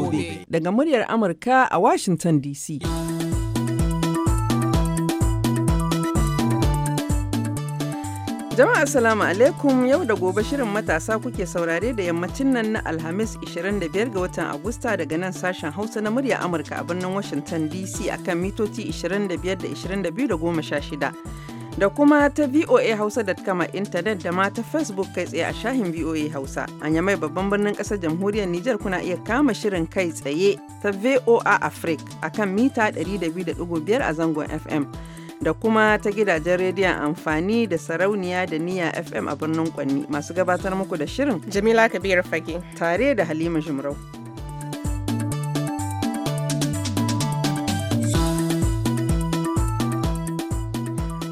gobe. Daga muryar Amurka a Washington DC. Jama'a Assalamu alaikum yau da gobe shirin matasa kuke saurare da yammacin nan na Alhamis 25 ga watan Agusta daga nan sashen Hausa na murya Amurka a birnin Washington DC akan mitoci 25 da 22 da 16. da kuma ta voa da a intanet da ma ta facebook kai tsaye a shahin voa hausa a yamai babban birnin kasar jamhuriyar nijar kuna iya kama shirin kai tsaye ta voa africa akan mita biyar a zangon fm da kuma ta gidajen rediyon amfani da sarauniya da niya fm a birnin kwanni masu gabatar muku da shirin jamila kabir fage tare da halima jimrau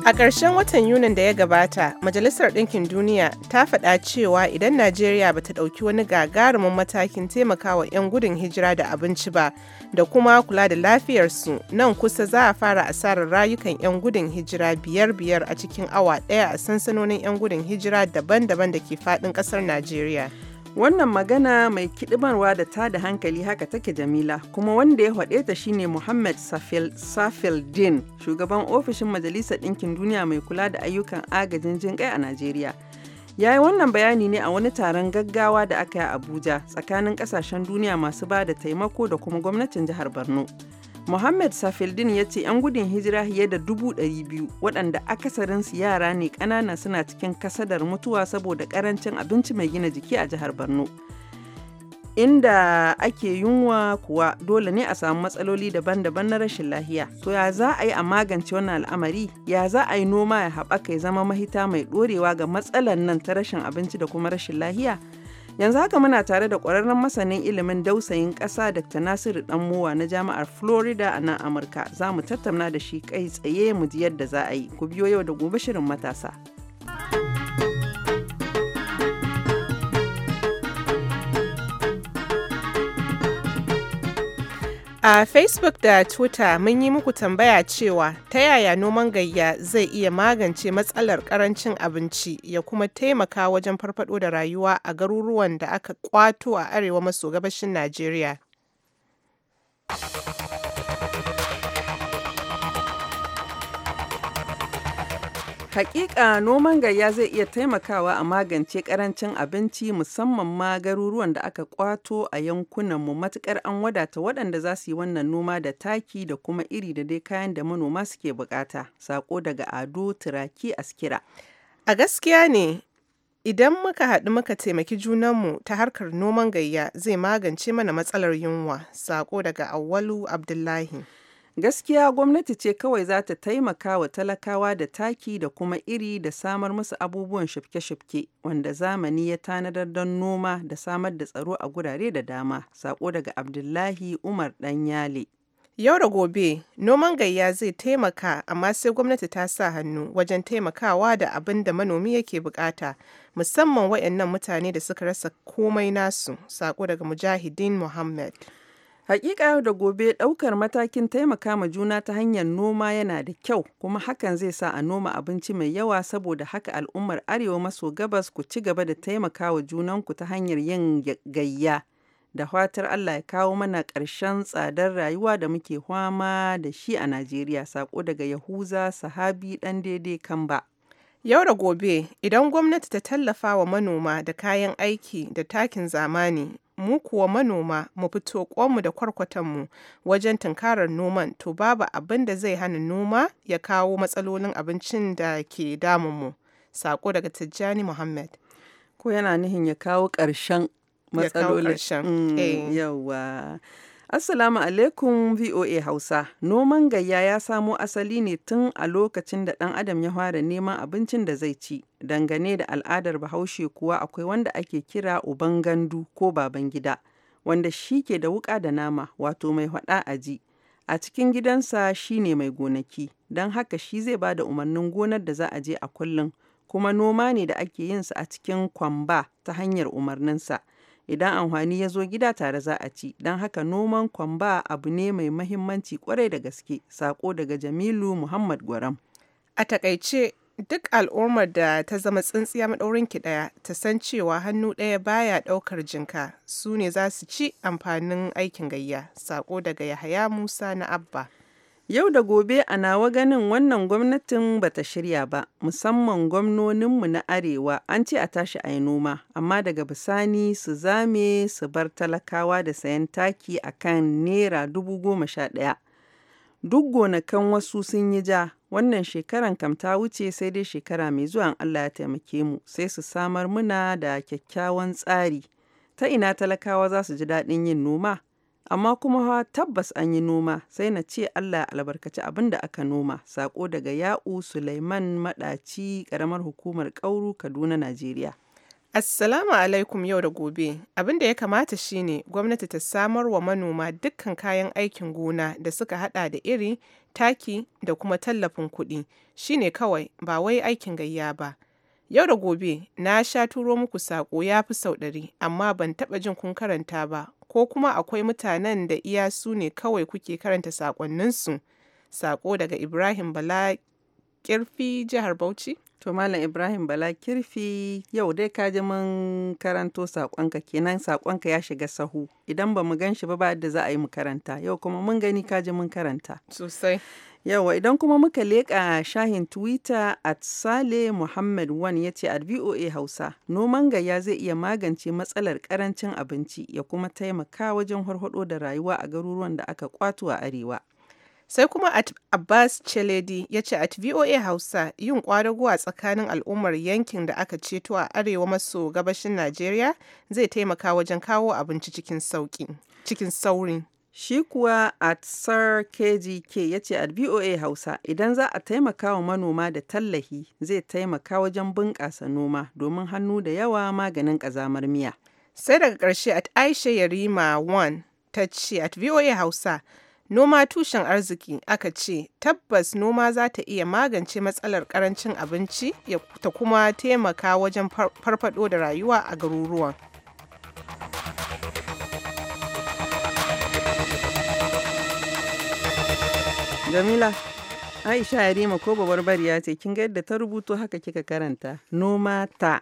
A ƙarshen watan Yunin da ya gabata, Majalisar Ɗinkin Duniya ta faɗa cewa idan Najeriya ba ta ɗauki wani gagarumin matakin taimakawa 'yan gudun hijira da abinci ba da kuma kula da lafiyarsu nan kusa za a fara asarar rayukan 'yan gudun hijira biyar-biyar a cikin awa ɗaya a sansanonin 'yan gudun hijira daban-daban da ke faɗin ƙasar Najeriya. Wannan magana mai kiɗimarwa da ta da hankali haka take Jamila, kuma wanda ya haɗe ta shine Muhammad Din, shugaban ofishin Majalisar Ɗinkin Duniya mai kula da ayyukan agajin jin a Najeriya. Ya yi wannan bayani ne a wani taron gaggawa da aka yi a Abuja tsakanin ƙasashen duniya masu ba da taimako da kuma gwamnatin jihar Borno. Muhammad Safildin ya ce 'yan gudun hijira fiye da dubu ɗari biyu waɗanda akasarinsu yara ne ƙanana suna cikin kasadar mutuwa saboda ƙarancin abinci mai gina jiki a jihar Borno. Inda ake yunwa kuwa dole ne a samu matsaloli daban-daban na rashin lahiya. To ya za a yi a magance wannan al'amari? Ya za a yi noma ya haɓaka ya zama mahita mai ɗorewa ga matsalar nan ta rashin abinci da kuma rashin lahiya? Yanzu haka muna tare da ƙwararren masanin ilimin dausayin ƙasa Dr. Nasiru Ɗanmuwa na Jami'ar Florida a nan Amurka. Za mu tattauna da shi kai tsaye mu ji yadda za a yi. Ku biyo yau da gobe shirin matasa. A Facebook da Twitter mun yi muku tambaya cewa ta yaya noman gayya zai iya magance matsalar karancin abinci ya kuma taimaka wajen farfado da rayuwa a garuruwan da aka kwato a arewa maso gabashin Najeriya. Hakika noman gayya zai iya taimakawa a magance karancin abinci musamman ma garuruwan da aka kwato a yankunan mu matukar an wadata waɗanda za su yi wannan noma da taki da kuma iri da dai kayan da manoma suke bukata. Sako daga Ado Turaki Askira. A gaskiya ne idan muka haɗu muka taimaki junanmu ta harkar noman gayya zai magance mana matsalar yunwa. Sako daga Awwalu Abdullahi. Gaskiya gwamnati ce kawai za ta taimaka wa talakawa da taki da kuma iri da samar musu abubuwan shifke-shifke wanda zamani ya tanadar don noma da samar da tsaro a gurare da dama. Sako daga Abdullahi Umar Danyale. Yau da gobe, noman gayya zai taimaka amma sai gwamnati ta sa hannu wajen taimakawa da abin da manomi yake bukata, musamman waɗannan mutane da suka rasa komai nasu, sako daga mujahidin Muhammad. Hakika da gobe daukar matakin taimaka ma juna ta hanyar noma yana da kyau kuma hakan zai sa a noma abinci mai yawa saboda haka al'ummar arewa maso gabas ku ci gaba da taimaka wa junanku ta hanyar yin gayya. Da fatar Allah ya kawo mana ƙarshen tsadar rayuwa da muke hwama da shi a Najeriya sako daga Yahuza Sahabi dan daidai Kamba. Yau da gobe idan gwamnati ta tallafa wa manoma da kayan aiki da takin zamani mu kuwa manoma mu fito kwanmu da kwarkwatanmu wajen tunkarar noman to babu abin da zai hana noma ya kawo matsalolin abincin da ke damunmu. Sako daga Tijjani Muhammad. Ko yana nihin ya kawo ƙarshen matsalolin. Ya kawo ƙarshen. Mm, eh. Assalamu alaikum VOA Hausa. Noman gayya ya samo asali ne tun a lokacin da ɗan adam ya fara neman abincin da zai ci. Dangane da al'adar Bahaushe kuwa akwai wanda ake kira uban gandu ko baban gida, wanda shi ke da wuƙa da nama, wato mai haɗa aji. A cikin gidansa shi ne mai gonaki, don haka shi zai ba da umarnin gonar da za a je a kullum, kuma noma ne da ake yinsa a cikin kwamba ta hanyar umarninsa. Idan amfani ya zo gida tare za a ci, don haka noman kwamba abu ne mai mahimmanci kwarai da gaske, sako daga Jamilu Muhammad Gwaram. A takaice, duk al'ummar da ta zama tsintsiya ki ɗaya ta san cewa hannu ɗaya baya ɗaukar jinka su ne za su ci amfanin aikin gayya sako daga yahaya musa na abba Yau da gobe a nawa ganin wannan gwamnatin ba ta shirya ba, musamman gwamnoninmu na Arewa an ce a tashi a yi noma, amma daga bisani su zame su bar talakawa da sayan taki a kan nera dubu goma sha ɗaya. Duk gonakan wasu sun yi ja, wannan shekaran kam ta wuce sai dai shekara mai zuwa in Allah ya taimake mu, sai su samar muna da kyakkyawan tsari. Ta ina talakawa za su ji daɗin yin noma? Amma kuma ha tabbas an yi noma, sai na ce Allah albarkaci abin da aka noma, saƙo daga Ya'u Sulaiman Maɗaci, ƙaramar hukumar Kauru, Kaduna, Najeriya. Assalamu alaikum yau da gobe. Abin da ya kamata shine gwamnati ta samar wa manoma dukkan kayan aikin gona da suka hada da iri, taki da kuma tallafin kuɗi. Shine kawai ba wai aikin gayya ba. Yau da gobe na sha turo muku sako ya fi sau ɗari amma ban taɓa jin kun karanta ba ko kuma akwai mutanen da iya su ne kawai kuke karanta saƙonninsu. sako daga Ibrahim Bala Kirfi jihar Bauchi. To Malam Ibrahim Bala Kirfi yau dai ka ji mun karanto saƙonka kenan saƙonka ya shiga sahu idan ba mu gan shi ba ba da za a yi mu karanta yau kuma mun gani ka ji mun karanta. Sosai. Yawa idan kuma muka leƙa shahin Twitter at Sale Muhammad Wan ya ce at VOA Hausa, noman gaya zai iya magance matsalar ƙarancin abinci ya kuma taimaka wajen harhaɗo da rayuwa a garuruwan da aka kwato a arewa. Sai kuma at Abbas Chaledi ya ce at VOA Hausa yin kwadagowa tsakanin al'ummar yankin da aka ceto a arewa maso gabashin Najeriya zai taimaka wajen kawo abinci cikin Cikin sauri. Shi kuwa at KGK ya ce a VOA Hausa idan za a taimaka wa manoma da tallahi zai taimaka wajen bunƙasa noma domin hannu da yawa maganin ƙazamar miya. Sai daga ƙarshe at Aisha Yarima 1 ta ce at BOA Hausa noma tushen arziki aka ce tabbas noma za ta iya magance matsalar ƙarancin abinci ta kuma taimaka wajen farfado da rayuwa a garuruwan. Jamila, Aisha Yarima ko babar bariya ce, kin ga yadda ta rubuto haka kika karanta. Noma ta.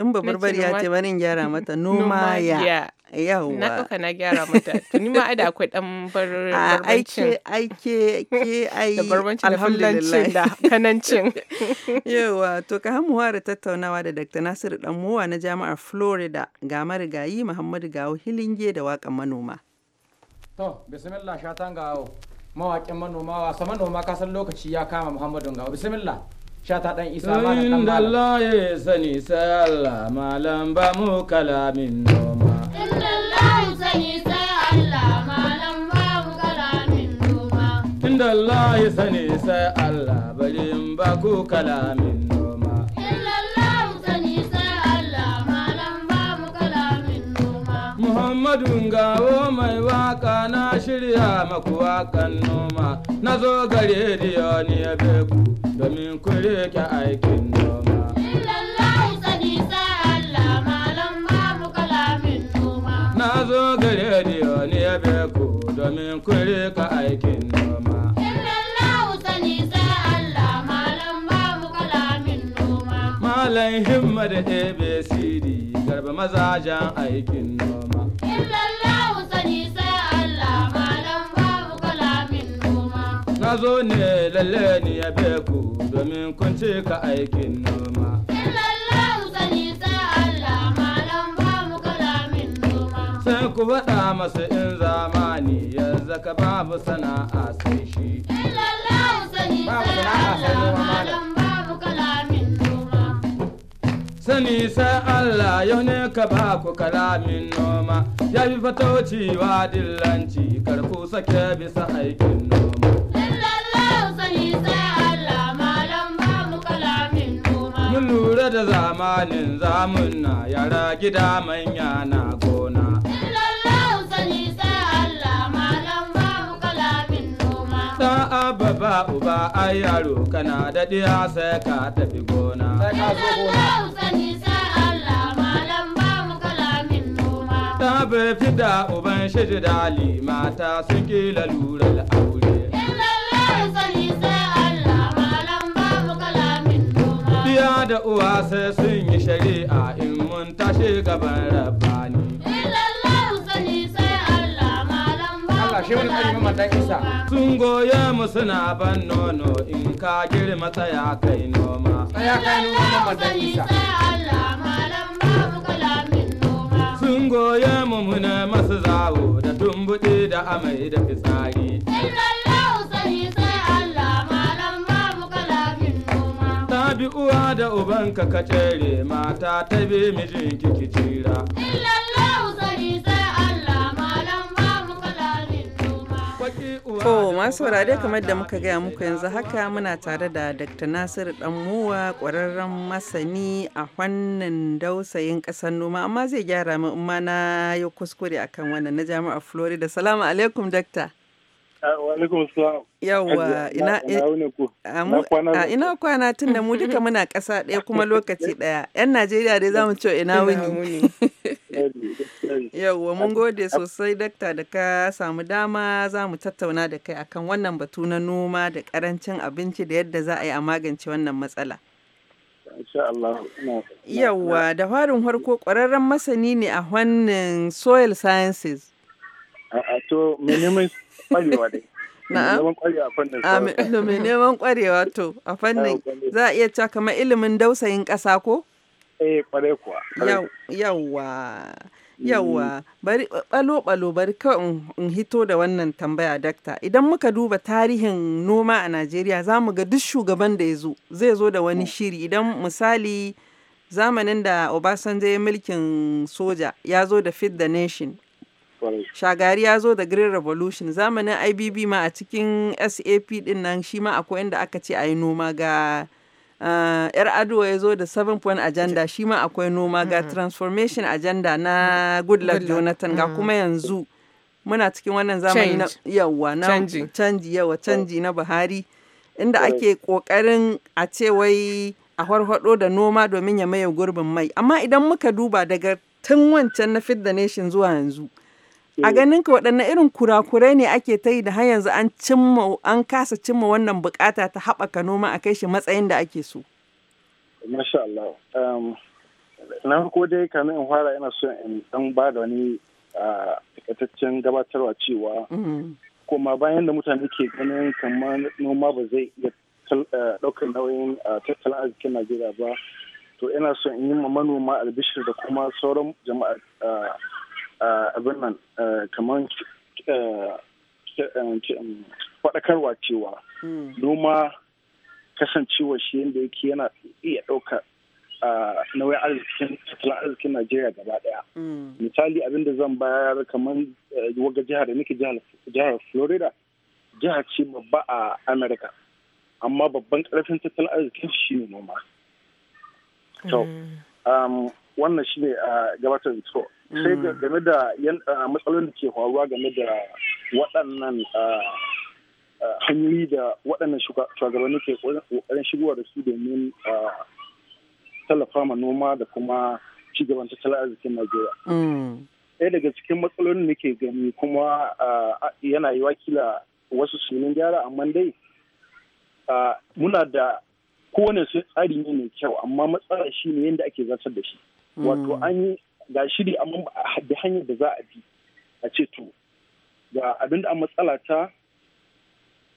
In babar bariya ce barin gyara mata noma ya. Yawwa. Na kuka na gyara mata. Tuni ma ada akwai ɗan barbancin. Aike aike ke ai da barbancin da da kanancin. Yawwa to ka hamu da tattaunawa da Dr. Nasiru Ɗanmowa na Jami'ar Florida ga marigayi Muhammadu Gawo Hilinge da waƙan manoma. To, bismillah shatan gawo. mawaƙin manoma wasa manoma kasan lokaci ya kama muhammadu gawa bismillah shata dan isa malam dan malam Allah ya sani sai Allah malam ba mu kalamin noma inna Allah sani sai Allah malam ba mu kalamin noma inna Allah ya sani sai Allah bari in ba ku kalamin noma inna Allah sani sai Allah malam ba mu kalamin noma Muhammadu gawo mai waka na shirya maku wakan noma na zo gare rediyo ni ya beku domin ku rike aikin noma. Illallahu sani sa Allah malam ba mu kalamin noma. Na zo gare rediyo ni ya beku domin ku rike aikin noma. Illallahu sani sa Allah malam ba mu kalamin noma. Malam himma da ABCD garba mazajen aikin noma. ka zo ne lalle ni ya be ku domin kun ce ka aikin noma. Illallahu sani sa Allah malam ba mu kalamin noma. Sai ku faɗa masa in zamani yanzu ka babu sana'a sai shi. Illallahu sani sa Allah malam ba mu kalamin noma. Sani sa Allah yau ne ka ba ku kalamin noma. Ya fi fatoci wa dillanci kar ku sake bisa aikin noma. Dole da zamanin zamunna yara gida manya na gona. Illallahu sani sai Allah malam babu kalamin noma. Dan abba ba uba ai yaro kana da diya sai ka tafi gona. Illallahu sani sai Allah malam kala kalamin noma. Ta bai fida uban shi jidali mata suke lalurar aure. uwa da uwa sai sun yi shari'a in mun tashi gaban rabani. Sun goye mu suna ban nono in ka girma tsaya kai noma. Tsaya kai noma isa. Sun goye mu muna masu zawo da tumbuɗe da amai da fitsari. bi uwa da ubanka ka tsere mata ta bi mijin kiki tsira. To masu wurare kamar da muka gaya muku yanzu haka muna tare da Dr. Nasiru Danmuwa ƙwararren masani a wannan dausayin ƙasar noma amma zai gyara mu na yi kuskure akan wannan na jami'ar Florida. Salamu alaikum Dr. Yawwa ah, ina ina kwana tun da mu duka muna ƙasa ɗaya kuma lokaci ɗaya. 'Yan Najeriya dai za mu ce ina wuni. Yawwa mun gode sosai dakta da ka samu dama za mu tattauna da kai akan wannan batu na noma da karancin abinci da yadda za a yi a magance wannan matsala. Yawwa da farin harko ƙwararren masani ne a wannan soil sciences. A to, Kwarewa dai. Na'am. to a fannin za a iya cewa kamar ilimin dausayin ƙasa ko? Eh kuwa. Yawwa. Yawwa mm. bari balo-balo bari kawai in hito da wannan tambaya dakta idan muka duba tarihin noma a Najeriya za mu ga duk shugaban da ya zo zai zo da wani mm. shiri idan misali zamanin da Obasanjo ya mulkin soja ya zo da fit the nation Shagari ya zo da Green Revolution zamanin IBB ma a cikin SAP din nan shi ma akwai inda aka ce a yi noma ga eh, yar adowa ya zo da 7 point agenda shi ma akwai noma ga transformation agenda na Goodluck Jonathan ga mm-hmm. kuma yanzu muna cikin wannan zamani na yawa na canji yawa canji na Buhari inda ake kokarin a ce wai a farfado da noma domin ya maye gurbin mai amma idan muka duba daga tun wancan na fit the Nation zuwa yanzu A eh. ganin ka waɗanne irin kurakurai ne ake ta yi da har yanzu an cimma an kasa cimma wannan bukata ta haɓaka noma a kai shi matsayin da ake so. Masha Allah. Um, na farko dai in fara ina so in dan ba da wani takaitaccen gabatarwa cewa mm-hmm. kuma bayan da mutane ke ganin kamar noma ba zai iya ɗaukar nauyin tattalin arzikin Najeriya ba to ina so in yi ma manoma albishir da kuma sauran jama'a Eh, abin nan eh, kamar eh, faɗakarwa cewa hmm. noma kasancewa shi yadda yake yana iya ɗauka nauyin arzikin tattalin arzikin Najeriya gaba ɗaya. Hmm. Misali abin da zan bayar kamar waga jihar da nake jihar Florida jihar ce babba a Amerika amma babban ƙarfin tattalin arzikin shi ne noma. Hmm. Um, wannan shi ne gabatar da sai mm. game da ah, matsalolin da ke faruwa game da waɗannan ah, ah, hanyoyi da waɗannan shugabanni ke ƙoƙarin shigowa da su domin tallafa ma noma da kuma cigaban tattalin arzikin Najeriya. Mm. Ɗaya daga cikin matsalolin da ke gani kuma yana yi wakila wasu sunan gyara amma dai muna da kowane tsari ne mai kyau amma matsala shi ne yadda ake zartar da shi. Mm. Wato an yi ga shiri amma da hanyar da za a bi a ce to ga abin da an matsala ta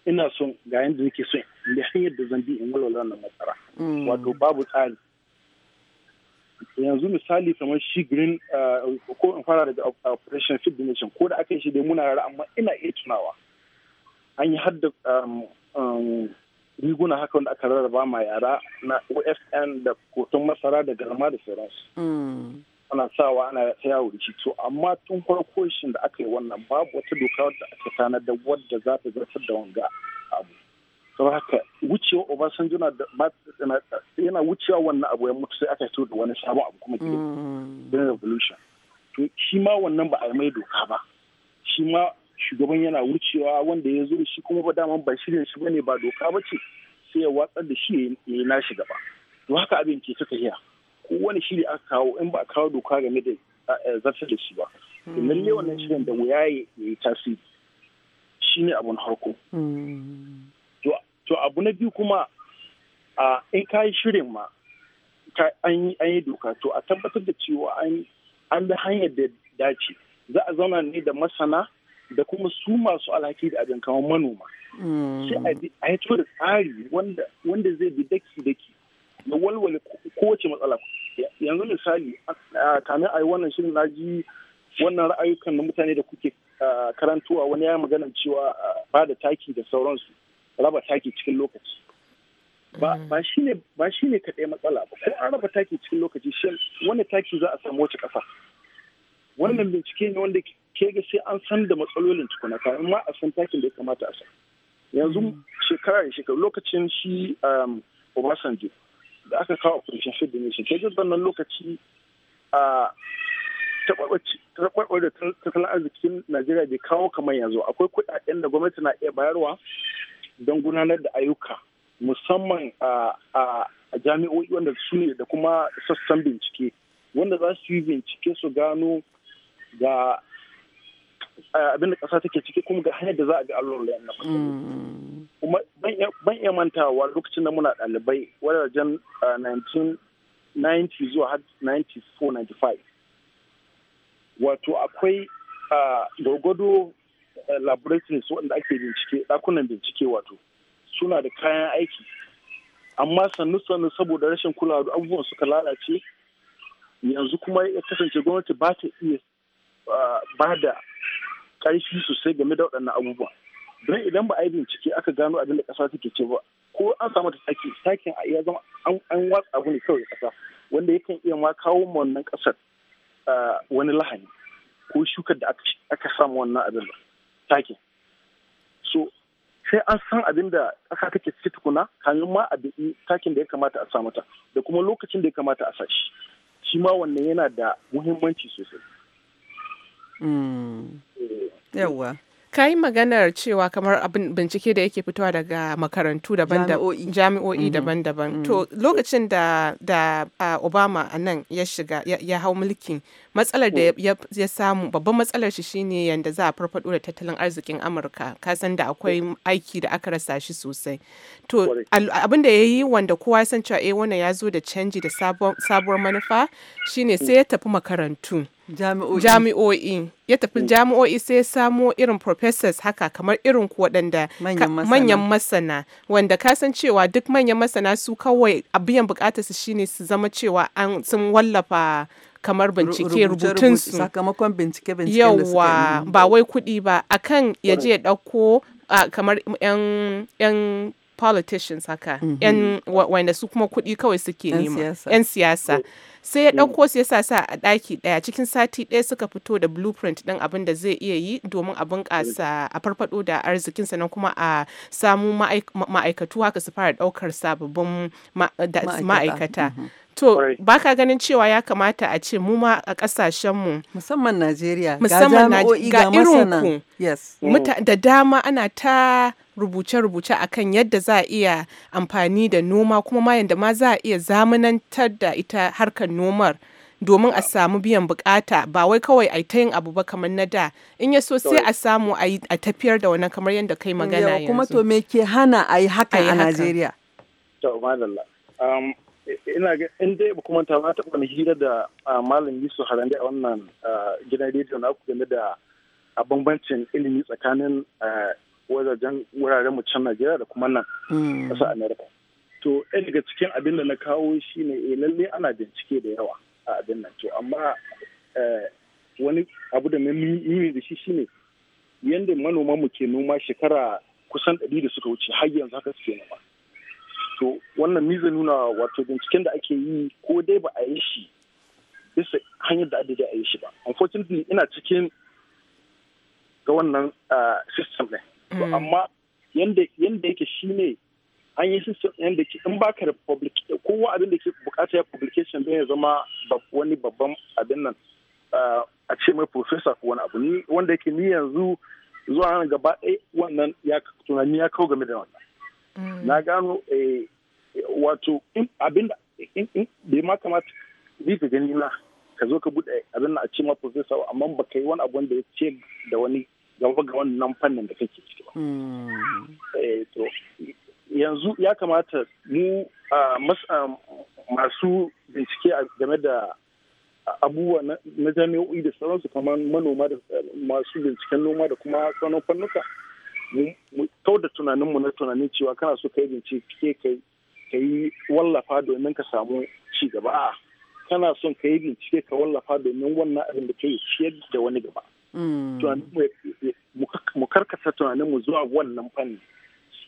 ina son ga yadda nake son da hanyar da zan bi in walwala wannan matsala mm. wato babu tsari yanzu misali kamar shi green eh, ko in fara daga operation fit dimension ko da aka yi shi dai muna rara amma ina iya tunawa an yi hadda um, um, riguna haka wanda aka rarraba ma yara na osn da kotun masara da garma da sauransu mm. ana sawa ana ta yawo da shi to amma tun farko shi da aka yi wannan babu wata doka wadda aka tanada wadda za ta zartar da wanga abu to haka wucewa obasanjo yana wucewa wannan abu ya mutu sai aka fito da wani sabon abu kuma gidan mm. revolution to shi ma wannan ba a yi mai doka ba shi ma shugaban yana wucewa wanda ya zo da shi kuma ba daman ba shirya shi bane ba doka ba ce sai ya watsar da shi ya yi nashi gaba to haka abin ke ta tafiya kowane shiri aka kawo in ba a kawo doka game da eh, zafi da shi ba domin hmm. ne wannan shirin da wuya ya yi tasiri shi ne abun harko hmm. to abu na biyu kuma in ka yi shirin ma an yi doka to a tabbatar da cewa an bi hanyar da dace za a zauna ne da masana da kuma su masu alhaki da abin kamar manoma hmm. sai a yi da tsari wanda zai bi daki-daki ya walwale kowace matsala yanzu misali kamin a yi wannan shirin na ji wannan ra'ayukan na mutane da kuke karantuwa wani ya magana cewa ba da taki da sauransu raba taki cikin lokaci ba mm. shi ne ka ɗaya kaɗai matsala ba ko an raba taki cikin lokaci shi wani taki za a samu wace ƙasa wannan mm. bincike ne wanda ke ga sai an san da matsalolin tukuna kamar ma a san takin da ya kamata a sa yanzu mm. shekara shekaru lokacin shi um, Obasanjo da aka kawo operation field nation sai duk wannan lokaci a taɓarɓar da tattalin arzikin najeriya bai kawo kamar yanzu akwai kuɗaɗen da gwamnati na iya bayarwa don gudanar da ayyuka musamman a jami'o'i wanda su ne da kuma sassan bincike wanda za su yi bincike su gano ga abin da ƙasa take ciki kuma ga hanyar da za a ga allon na mm. ban iya mantawa lokacin da muna ɗalibai wajen 1990 ah, zuwa 94-95 wato akwai ah, gwargwado eh, laboratories waɗanda ake bincike ɗakunan bincike wato suna da kayan aiki amma sannu-sannu saboda rashin kulawa da abubuwan suka lalace yanzu kuma ya kasance gwamnati ba ta iya ah, ba da ƙarfi sosai game da waɗannan abubuwan don idan ba a yi bincike aka gano abin da ƙasa take ce ba ko an samu ta saki sakin a iya zama an watsa abu ne kawai ƙasa wanda yakan iya ma kawo ma wannan ƙasar wani lahani ko shukar da aka samu wannan abin da sakin so sai an san abin da ƙasa take ciki tukuna kamin ma a biɗi takin da ya kamata a samu ta da kuma lokacin da ya kamata a sa shi shi ma wannan yana da muhimmanci sosai. Hmm. Eh. Yawwa. ka yi maganar cewa kamar abin bincike da yake fitowa daga makarantu mm-hmm. daban-daban jami'o'i mm-hmm. daban-daban to lokacin da obama a nan ya shiga ya, hau mulkin matsalar da mm. ya, samu babban matsalar shi shine yadda za a farfado da tattalin arzikin amurka kasan da akwai mm. aiki da aka rasa shi sosai to abin da ya yi wanda kowa ya san cewa eh wannan ya zo da canji da sabuwar manufa shine mm. sai ya tafi makarantu jami'o'i ya tafi mm. jami'o'i sai ya samo irin professors haka kamar irin ku waɗanda manyan masana wanda ka san cewa duk manyan masana su kawai abiyan bukatar su shine su zama cewa an sun wallafa kamar bincike su sakamakon bincike bincike yawa ba wai kuɗi ba akan ya je ya ɗauko kamar 'yan politicians haka 'yan mm-hmm. wanda su kuma kuɗi kawai suke nema 'yan siyasa sai ya mm. ɗauko su ya sa a daki daya cikin sati daya suka fito da blueprint din abin da zai iya yi domin a bunƙasa a farfado da arzikin sannan kuma a samu ma'aikatu haka su fara daukar sababbin ma'aikata. Mm-hmm. To, ba ganin cewa ya kamata a ce mu ma a ƙasashenmu. Musamman Najeriya, musamman ga irinku. Yes. Da dama ana ta rubuce-rubuce a kan yadda za a iya amfani da noma kuma ma yadda ma za a iya zamanantar da ita harkar nomar domin a samu biyan bukata ba wai kawai a ta yin abu ba kamar na da in ya so sai a samu a tafiyar da wannan kamar yadda kai magana yanzu kuma to me ke hana a yi haka a Najeriya to um, ina ga in dai ba kuma ta ba ta wani hira da uh, malam Yusuf Harande a wannan uh, gidan rediyo na ku game da a uh, bambancin ilimi tsakanin wajajen wuraren mu can Najeriya da kuma nan hmm. Amerika to ɗaya daga cikin abin da na kawo shi ne eh lalle ana bincike da yawa a abin nan to amma eh, wani abu da na nuni da shi shine yadda manoma mu ke noma shekara kusan ɗari da suka wuce har yanzu haka suke noma to wannan miza nuna wato binciken da ake yi ko dai ba a yi shi bisa hanyar da adadi a yi shi ba unfortunately ina cikin ga wannan ah, system ne mm. amma yadda yake shine. an yi system ɗin da ke in baka da kowa abin da ke bukata ya publication ɗin ya zama wani babban abin nan ah, a ce mai professor ko wani abu ni wanda yake ni yanzu zuwa nan gaba ɗaya wannan ya tunani ya kawo game da wannan mm. na gano eh, wato abin da bai ma kamata ni ka gani na ka zo ka buɗe abin a ce ma professor amma ba ka yi wani abu wanda ya ce da wani gaba ga wannan fannin da kake ciki ba mm. eh, yanzu ya kamata mu masu bincike game da abubuwa na jami'o'i da sauransu kamar manoma da eh, masu binciken noma da kuma sauran fannuka mu kau da tunaninmu na tunanin cewa kana so ka yi bincike ka yi wallafa domin ka samu ci gaba a kana son ka yi bincike ka wallafa domin wannan abin da ka yi ciyar da wani gaba hmm. mu karkata tunaninmu zuwa wannan fanni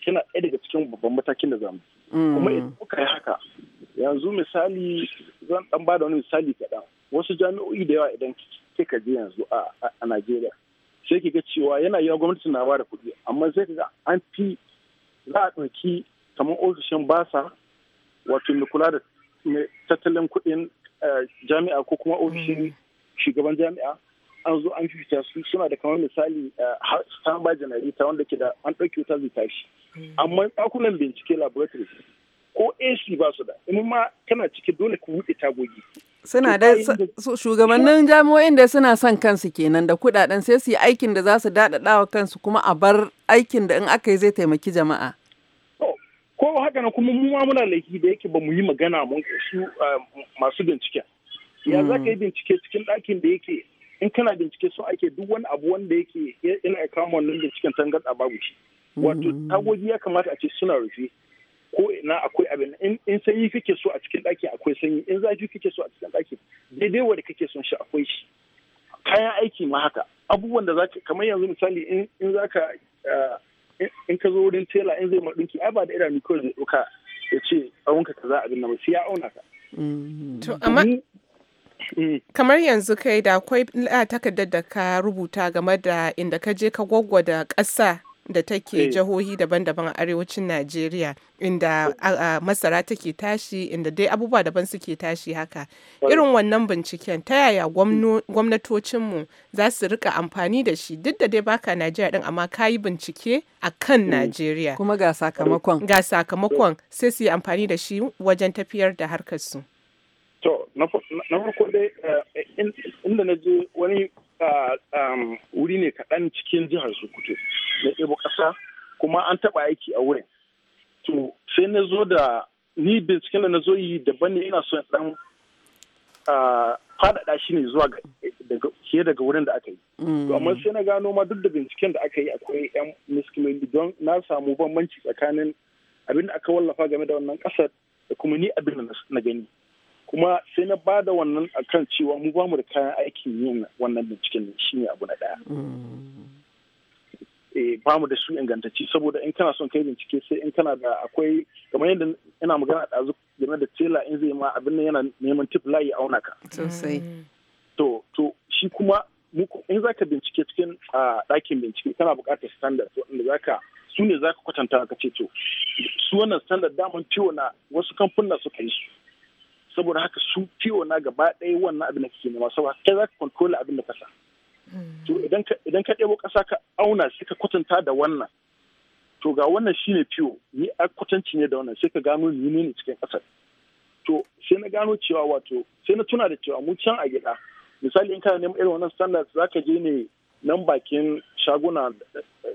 yana ɗaya daga cikin babban matakin da zamu mm. kuma idan kuka yi haka yanzu misali zan ba da wani misali kaɗan wasu jami'o'i da yawa idan kika je yanzu a Najeriya sai ki ga cewa yana yawa gwamnati na bada kuɗi amma sai ka ga an fi za a ɗauki kamar ofishin basa wato mai kula da tattalin kuɗin eh, jami'a ko kuma ofishin mm. shugaban jami'a an zo an fita su suna da kamar misali ba eh, janarita wanda ke da an ɗauki wuta zai tashi hmm. amma ɗakunan bincike laboratory ko ac ba su da in ma kana ciki dole ku buɗe tagogi suna da shugabannin jami'o'in da suna son kansu kenan da kuɗaɗen sai su yi aikin da za su daɗaɗawa kansu kuma a bar aikin da in aka yi zai taimaki jama'a ko haka na kuma mu muna laifi da yake ba mu yi magana mun su eh, masu binciken ya za ka yi hmm. bincike cikin ɗakin da yake in kana bincike so ake duk wani abu wanda yake ina kama wannan binciken tangarɗa babu shi wato mm-hmm. tagogi ya kamata a ce suna rufe ko ina akwai abin in sanyi kake so a cikin ɗaki akwai sanyi in zafi kake so a cikin ɗaki daidai wanda kake son shi akwai shi kayan aiki ma haka abubuwan da zaka kamar yanzu misali in zaka eh, in ka zo wurin tela in zai ma ɗinki ai ba da idanu kawai zai ɗauka ya ce a ka za abin nan ba sai ya auna ka. Mm-hmm. Eh. Kamar yanzu kai da akwai takardar da ka rubuta game da inda ka je ka gwaggwada ƙasa da take eh. jihohi daban-daban a arewacin Najeriya inda masara take tashi inda dai abubuwa daban suke tashi haka. Irin wannan binciken ta yaya mm. gwamnatocinmu za su rika amfani da shi duk da dai baka Najeriya din amma ka yi bincike a kan mm. Najeriya. Kuma ga sakamakon. Ga sakamakon sai su yi amfani da shi wajen tafiyar da harkar su. To, na farko dai eh, inda na je wani ah, um, wuri ne kaɗan cikin jihar Sokoto na ebo ƙasa kuma an taɓa aiki a wurin. To, sai na zo da ni binciken da na zo yi daban ne ina son ɗan ah, faɗaɗa shi ne zuwa ke daga wurin da aka yi. Mm. To, amma sai na gano ma duk da binciken da aka yi akwai 'yan miskiloli don na samu bambanci tsakanin abin da aka wallafa game da wannan ƙasar da kuma ni abin da na gani. kuma sai na ba da wannan akan cewa mu ba mu da kayan aikin yin wannan binciken shi ne abu na ɗaya. Mm. Eh, ba mu da su ingantacci saboda in kana son kai bincike sai in kana da akwai kamar yadda ina magana da azu game da tela in zai ma abin nan yana neman tip layi auna ka. Sosai. To to shi kuma in za ka bincike cikin ɗakin bincike kana buƙatar standard wanda za ka su ne za ka kwatanta ka ce to su wannan standard daman ciwo na wasu kamfuna suka yi su. saboda haka su fiwo na gaba ɗaya wannan abin da kake nema saboda kai za ka control abin da kasa hmm. to idan ka ɗebo ƙasa ka auna sai ka kwatanta da wannan to ga wannan shi ne fiwo ni a kwatanci ne da wannan sai ka gano ni ne cikin ƙasar to sai na gano cewa wato sai na tuna da cewa mu can a gida misali in kana neman irin wannan standard za ka je ne nan bakin shaguna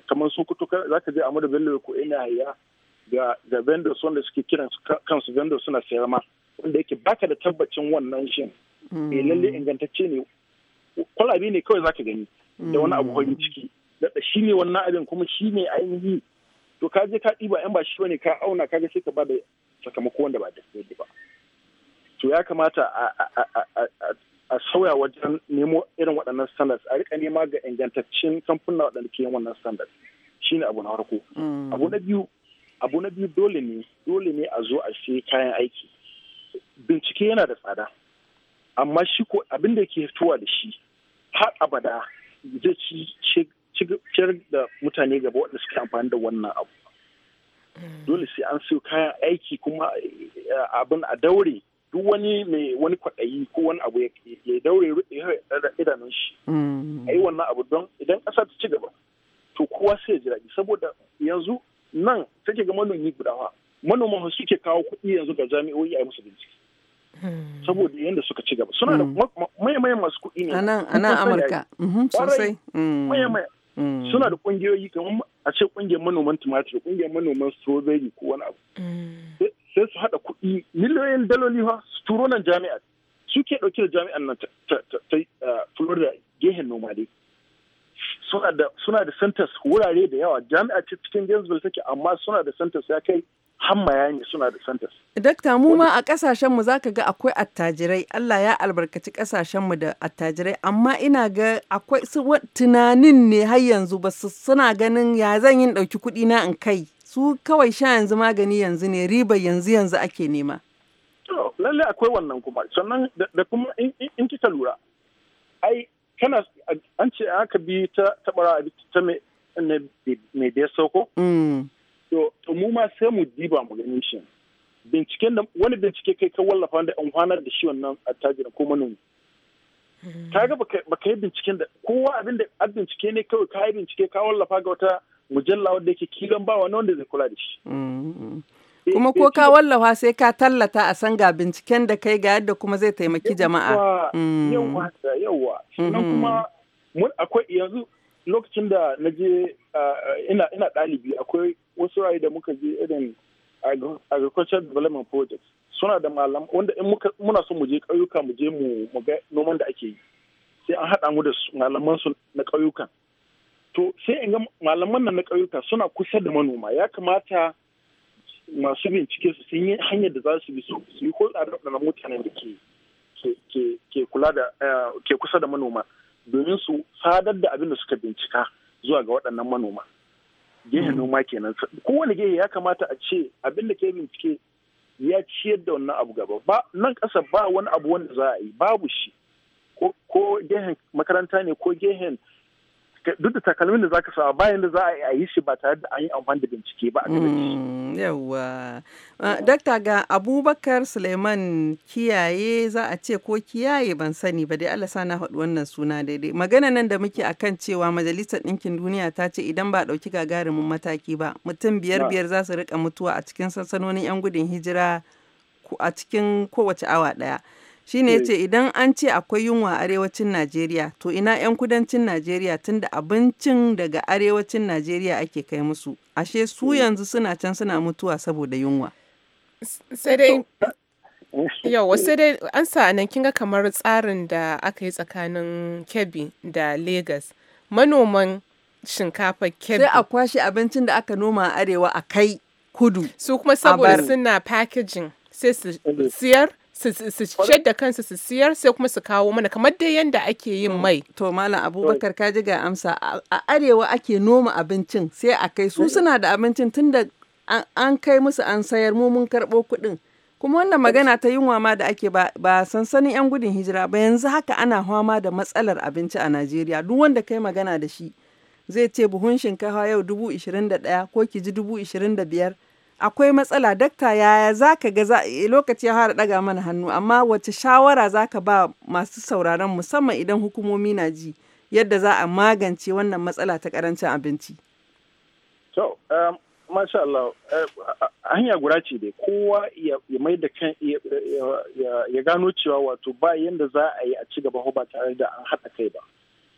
kamar su kutu za ka je a mada bello ko ina ya ga vendors wanda suke kiran kansu vendors suna sayar ma wanda yake baka da tabbacin wannan shin mm. eh lalle ingantacce ne kwalabe ne kawai zaka gani da wani abu hoyin mm. ciki da shi ne wannan abin kuma shi ne ainihi to ka je ka ɗiba yan ba shi bane ka auna ka ga sai ka da sakamako wanda ba daidai ba to ya kamata a sauya wajen nemo irin waɗannan standards a rika nema ga ingantaccen kamfuna waɗanda ke yin wannan standards shi abu na farko mm. abu na biyu abu na biyu dole ne dole ne a zo a shi kayan aiki bincike yana da tsada amma shi ko abin da ke fitowa da shi har abada zai ci ciyar da mutane gaba waɗanda suke amfani da wannan abu hmm. dole sai an siyo kayan aiki kuma eh, abin a daure duk wani mai wani kwaɗayi ko wani abu ya daure ya idanun shi hmm. a yi wannan abu don idan ƙasa ta ci gaba to kowa sai ya ji daɗi saboda yanzu nan take ga manomi guda manoman suke kawo kuɗi yanzu ga jami'o'i a yi musu bincike Hmm. saboda yadda suka ci gaba suna da hmm. maimai masu kuɗi ne a nan amurka hmm, sosai suna da kungiyoyi kamar a ce kungiyar manoman tumatir kungiyar manoman strawberry ko wani abu sai su haɗa kuɗi miliyoyin daloli ha su turo nan jami'ar ke ɗauke da jami'ar nan ta uh, florida gehen noma suna da centers wurare da yawa jami'a cikin gainsville take amma suna da centers ya kai hammaya ne suna da santas. Dakta mu ma a kasashen mu zaka ga akwai attajirai Allah ya albarkaci kasashen mu da attajirai amma ina ga akwai su tunanin ne har yanzu ba su suna ganin ya zan yin dauki kuɗi na in kai su kawai sha yanzu magani yanzu ne riba yanzu yanzu ake nema. To lalle akwai wannan kuma sannan da kuma in kika lura ai kana an ce aka bi ta tabara ta mai da soko. sauko. Mm. to mu ma sai mu diba mu ganin shi binciken da wani bincike kai ka wallafa da amfanar da shi wannan attajirin ko manomi hmm. ka ga baka yi binciken da kowa abin da a bincike ne kawai ka yi bincike ka wallafa ga wata mujalla wadda yake kilon ba wani wanda zai kula da shi hmm, hmm. Eh, kuma eh, ko ka wallafa sai ka tallata a san ga binciken da kai ga yadda kuma zai taimaki jama'a yawa yawa sannan kuma akwai yanzu lokacin da na je ina ɗalibi akwai wasu rayu da muka je irin agricultural development project suna da malam wanda in muna so mu je ƙauyuka mu je mu ga noman da ake yi sai an haɗa mu da malaman su na ƙauyuka to sai in ga malaman nan na ƙauyuka suna kusa da manoma ya kamata masu bincike su sun yi hanyar da za su bi su yi hulɗa da mutanen da ke kula da ke kusa da manoma domin su sadar da abin da suka bincika zuwa ga waɗannan manoma. Gehen mm. noma kenan. Kowane gehe ya kamata a ce abin da ke bincike ya ciyar da wannan abu gaba. nan ƙasa ba wani abu wanda za a yi babu shi. Ko gehen makaranta ne ko gehen duk da takalmin da zaka sa bayan da za a yi shi ba tare da an yi amfani da bincike ba a mm, yawa ah, dakta ga abubakar suleiman kiyaye za a ce ko kiyaye ban sani ba dai allah sana haɗu wannan suna daidai magana nan da muke akan cewa majalisar ɗinkin duniya ta ce idan ba a ɗauki gagarumin mataki ba mutum biyar biyar za su riƙa mutuwa a cikin sansanonin yan gudun hijira a cikin kowace awa ɗaya. shine eh. ce, idan an ce akwai yunwa arewacin Najeriya to ina 'yan kudancin Najeriya tunda abincin daga arewacin Najeriya ake kai musu ashe su mm. yanzu suna can suna mutuwa saboda yunwa eh, eh, Yau, wasu sai dai an sa'anan nan kin ga kamar tsarin da aka yi tsakanin Kebbi da Legas. manoman shinkafa Kebbi sai a kwashe abincin da aka noma a arewa a kai kudu su kuma saboda suna packaging sai su siyar su da kansu su siyar sai kuma su kawo mana kamar dai yadda ake yin mai to malam abubakar ka ji ga amsa a arewa ake noma abincin sai a kai su suna da abincin tunda an kai musu an sayar mu mun karɓo kuɗin kuma wannan magana ta yunwa ma da ake ba, ba sansanin 'yan gudun hijira ba yanzu haka ana fama da matsalar abinci a najeriya duk wanda kai magana da shi zai ce buhun shinkafa yau dubu ishirin da ɗaya ko ki ji dubu ishirin da biyar akwai matsala dakta yaya za ka ga lokaci ya fara daga mana hannu amma wace shawara za ka ba masu sauraron musamman idan hukumomi na ji yadda za a magance wannan matsala ta karancin abinci so um, masha Allah eh, hanya guda ce dai kowa ya mai da kan ya gano cewa wato ba yadda za a yi a ci gaba ba tare da an haɗa kai ba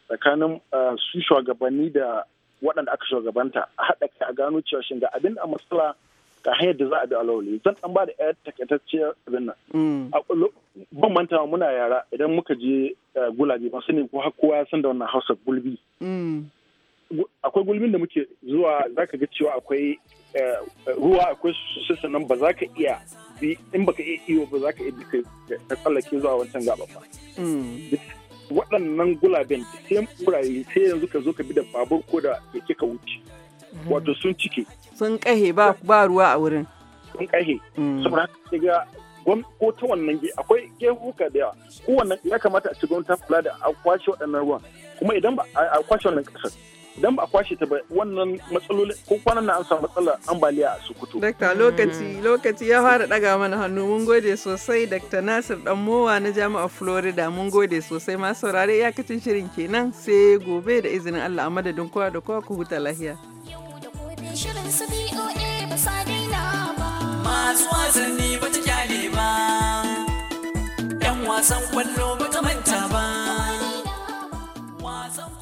tsakanin uh, su shugabanni da waɗanda aka shugabanta a haɗa kai a gano cewa shiga abin da matsala ta hanyar da za a bi alawali zan dan ba da ɗaya takaitacciyar abin nan mm. ban manta muna yara idan muka je eh, gulabi ba su ne ko har kowa ya san da wannan hausa gulbi mm. akwai gulbin da muke zuwa za ka ga cewa akwai eh, ruwa akwai sassa nan ba za ka iya in baka iya iyo ba za ka iya ka tsallake zuwa wancan gaba ba mm. waɗannan gulaben sai sai yanzu ka zo ka bi da babur ko da yake ka wuce wato sun cike sun kahe ba ruwa a wurin sun kahe mm. saboda haka ga ko ta wannan ge akwai gehuka da yawa ko wannan ya kamata a ci gwamnati ta kula da a kwashe waɗannan ruwan kuma idan ba a kwashe wannan ƙasar idan ba a kwashe ta ba wannan matsaloli ko kwanan na an samu matsalar ambaliya a Sokoto. Dakta lokaci mm. lokaci ya fara daga mana hannu mun gode sosai Dakta Nasir Danmowa na Jami'ar Florida mun gode sosai ma saurare iyakacin shirin kenan sai gobe da izinin Allah a madadin kowa da kowa ku huta lahiya. Shirin su BOA ba sa daina ba. Masu wasanni ba ta kyale ba, ‘yan wasan kwallo ba ta manta ba. Wasan